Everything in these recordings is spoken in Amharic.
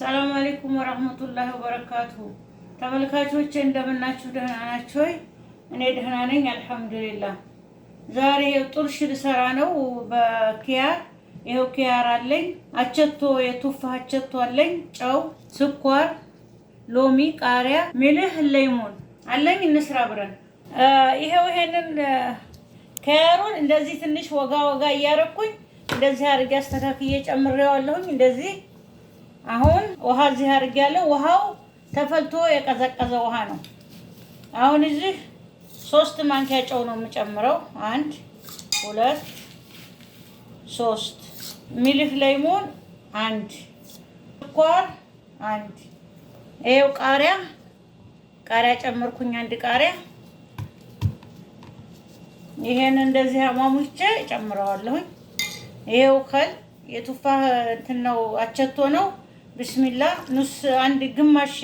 ሰላም አለይኩም ወራህመቱላሂ ወበረካቱሁ። ተመልካቾች እንደምናችሁ ደህና ናችሁ ወይ? እኔ ደህና ነኝ አልሐምዱሊላህ። ዛሬ ጡርሽ ልሰራ ነው በኪያር። ይኸው ኪያር አለኝ፣ አቸቶ የቱፋ አቸቶ አለኝ፣ ጨው፣ ስኳር፣ ሎሚ፣ ቃሪያ፣ ሚልህ፣ ለይሙን አለኝ። እንስራ ብረን። ይኸው ይሄንን ኪያሩን እንደዚህ ትንሽ ወጋ ወጋ እያረኩኝ እንደዚህ አድርጌ አስተካክዬ ጨምሬዋለሁኝ እንደዚህ አሁን ውሃ እዚህ አድርጌያለሁ። ውሃው ተፈልቶ የቀዘቀዘ ውሃ ነው። አሁን እዚህ ሶስት ማንኪያ ጨው ነው የምጨምረው። አንድ ሁለት ሶስት ሚልህ ለይሞን አንድ ስኳር አንድ ይኸው ቃሪያ ቃሪያ ጨመርኩኝ አንድ ቃሪያ ይሄን እንደዚህ አሟሙቼ ጨምረዋለሁኝ። ይሄው ከል የቱፋህ እንትን ነው አቸቶ ነው ብስሚላ ኑስ አንድ ግማሽ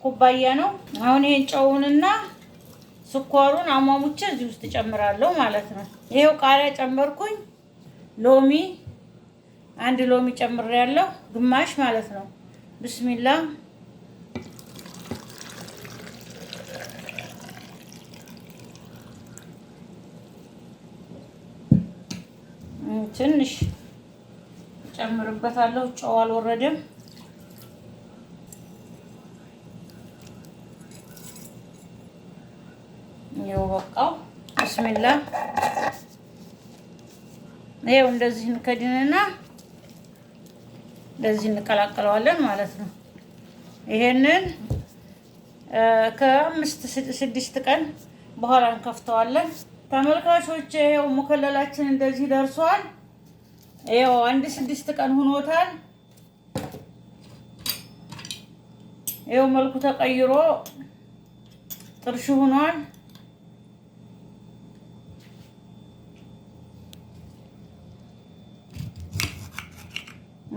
ኩባያ ነው። አሁን ይሄን ጨውንና ስኳሩን አሟሙቼ እዚህ ውስጥ ጨምራለሁ ማለት ነው። ይሄው ቃሪያ ጨመርኩኝ። ሎሚ አንድ ሎሚ ጨምሬያለሁ፣ ግማሽ ማለት ነው። ብስሚላ ትንሽ ጨምርበታለሁ። ጨው አልወረደም። ነው በቃው። ብስሚላ ይኸው እንደዚህ እንከድንና እንደዚህ እንቀላቀለዋለን ማለት ነው። ይሄንን ከአምስት ስድስት ቀን በኋላ እንከፍተዋለን። ተመልካቾች ይኸው ሙከለላችን እንደዚህ ደርሷል። ይኸው አንድ ስድስት ቀን ሆኖታል ይኸው መልኩ ተቀይሮ ጥርሹ ሆኗል።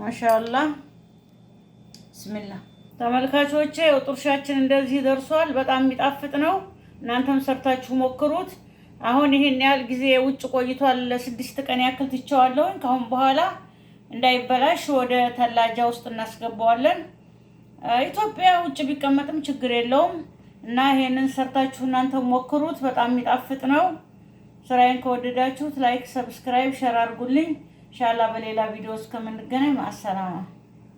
ማሻአላ ብስሚላ ተመልካቾቼ ጥርሻችን እንደዚህ ደርሷል። በጣም የሚጣፍጥ ነው። እናንተም ሰርታችሁ ሞክሩት። አሁን ይህን ያህል ጊዜ ውጭ ቆይቷል። ለስድስት ቀን ያክል ትቸዋለሁኝ። ከአሁን በኋላ እንዳይበላሽ ወደ ተላጃ ውስጥ እናስገባዋለን። ኢትዮጵያ ውጭ ቢቀመጥም ችግር የለውም እና ይሄንን ሰርታችሁ እናንተ ሞክሩት። በጣም የሚጣፍጥ ነው። ስራዬን ከወደዳችሁት ላይክ፣ ሰብስክራይብ፣ ሸር አድርጉልኝ። ኢንሻላህ በሌላ ቪዲዮ እስከምንገናኝ ነው።